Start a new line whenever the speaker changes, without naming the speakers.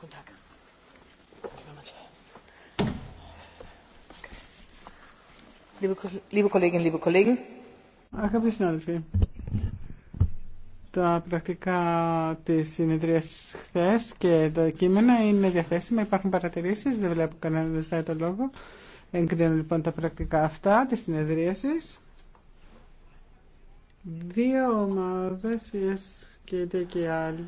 Guten Tag. Liebe Kolleginnen, liebe Kollegen. Αγαπητοί
συνάδελφοι, τα πρακτικά τη συνεδρία χθε και τα κείμενα είναι διαθέσιμα, υπάρχουν παρατηρήσει, δεν βλέπω κανέναν να ζητάει το λόγο. Εγκρίνω λοιπόν τα πρακτικά αυτά τη συνεδρίασης. Δύο
ομάδες, και η